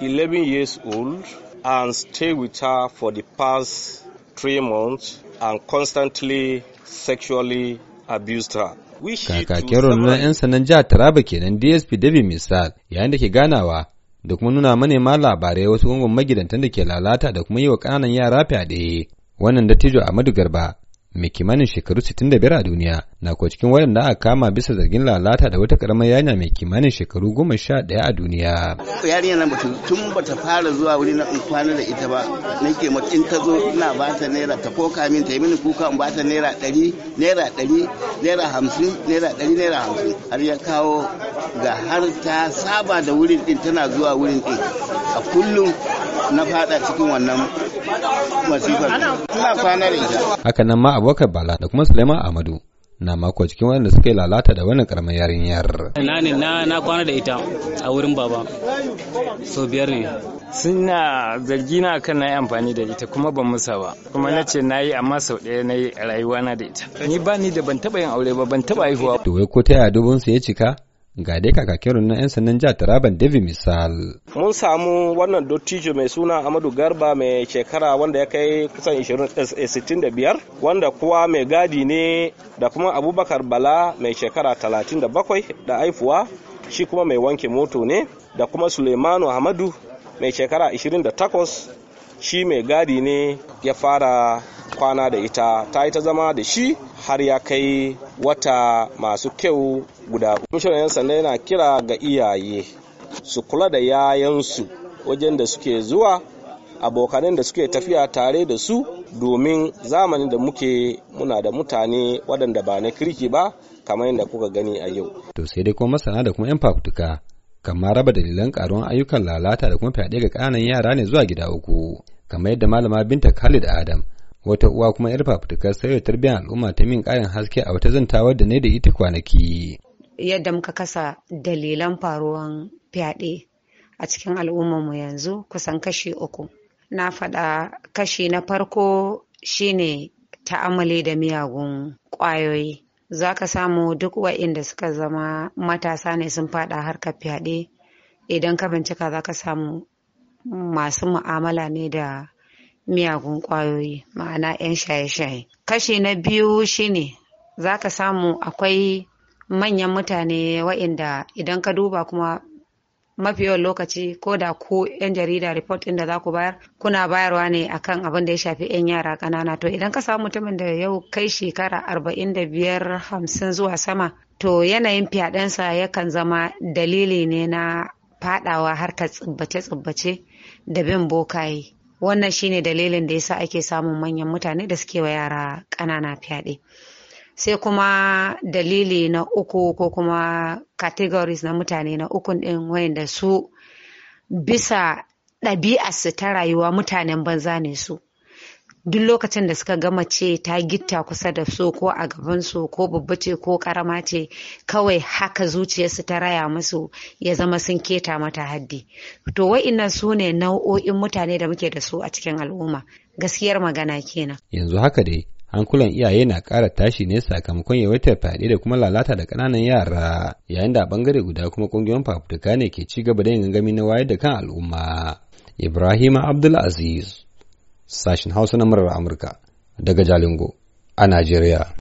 11 years old and stay with her for the past three months and constantly sexually abused her. Kakakin rundunar 'yan sanan jihar Taraba kenan DSP David Misal yayin da ke ganawa da kuma nuna manema labarai wasu gungun magidantan da ke lalata da kuma yi wa ƙananan yara fyaɗe. Wannan dattijo Ahmadu Garba mai kimanin shekaru 65 a duniya na kuwa cikin waɗanda aka kama bisa zargin lalata da wata karamar yanya mai kimanin shekaru 11 a duniya. Yarinya nan bata tun bata fara zuwa wuri na kwana da ita ba ke mata in ta zo ina ba ta naira ta koka min ta yi mini kuka in ba ta naira 100 naira 100 naira 50 naira 100 naira 50 har ya kawo ga har ta saba da wurin din tana zuwa wurin din a kullum na fada cikin wannan haka nan ma abokan bala da kuma suleiman amadu na mako cikin wanda suka yi lalata da wani karamar yarinyar. Na ne na kwana da ita a wurin baba. So biyar ne. Suna zargi na kan na yi amfani da ita kuma ban musa ba. Kuma na ce na yi amma sau ɗaya na yi rayuwa na da ita. Ni ba ni da ban taɓa yin aure ba ban taɓa haihuwa. To wai ko ta yaya dubun ya cika? ga dai kakakin na 'yan sannan jihar Taraban David Misal. Mun samu wannan dottijo mai suna Amadu Garba mai shekara wanda ya kai kusan 65 eh, eh, wanda kuwa mai gadi ne da kuma Abubakar Bala mai shekara 37 da haifuwa shi kuma mai wanke moto ne da kuma Suleimanu Hamadu mai shekara 28 shi mai gadi ne ya fara kwana da ita ta yi ta zama da shi har ya kai wata masu kyau guda kuma 'yan sanda yana kira ga iyaye su kula da yayansu wajen da suke zuwa abokanin da suke tafiya tare da su domin zamanin da muke muna da mutane waɗanda ba na kirki ba kamar yadda kuka gani a yau. To sai dai kuma masana da kuma 'yan fafutuka kamar raba dalilan karuwan ayyukan lalata da kuma fyaɗe ga ƙananan yara ne zuwa gida uku kamar yadda malama binta Khalid Adam wata uwa kuma yar fafutukar sauya tarbiyyar al'umma ta min ƙarin haske a wata zantawar da ne da ita kwanaki. Yadda muka kasa dalilan faruwan fyaɗe a cikin al'ummarmu yanzu kusan kashi uku. Na faɗa kashi na farko shine ta'amali da miyagun ƙwayoyi. Za ka samu duk wa'inda suka zama matasa ne sun faɗa harkar fyaɗe idan ka bincika za ka samu masu mu'amala ne da miyagun ƙwayoyi ma'ana 'yan shaye-shaye kashi na biyu shine za ka samu akwai manyan mutane wa'inda idan ka duba kuma mafi yawan lokaci ko da ku? 'yan jarida report ɗin da za ku bayar kuna bayarwa ne akan abin da ya shafi 'yan yara ƙanana to idan ka samu mutumin da yau kai shekara arba'in da biyar hamsin zuwa sama to yanayin fyaɗensa yakan zama dalili ne na faɗawa harkar tsibbace-tsibbace da bin bokaye wannan shine dalilin da yasa ake samun manyan mutane da suke wa yara ƙanana fyaɗe sai kuma dalili na uku ko kuma categories na mutane na ukun ɗin wayanda su bisa ɗabi'arsu ta rayuwa mutanen banza ne su duk lokacin da suka ga mace ta gitta kusa da su ko a gaban su ko babba ce ko karama ce kawai haka zuciyarsu ta raya musu ya zama sun keta mata haddi to wa'innan su ne nau'o'in mutane da muke da su a cikin al'umma gaskiyar magana kenan yanzu haka dai hankulan iyaye na ƙara tashi ne sakamakon yawaitar fyaɗe da kuma lalata da ƙananan yara yayin da a ɓangare guda kuma ƙungiyoyin fafutuka ne ke ci gaba da yin gangami na wayar da kan al'umma ibrahima abdulaziz Sashen Hausa na murar Amurka daga Jalingo a Najeriya.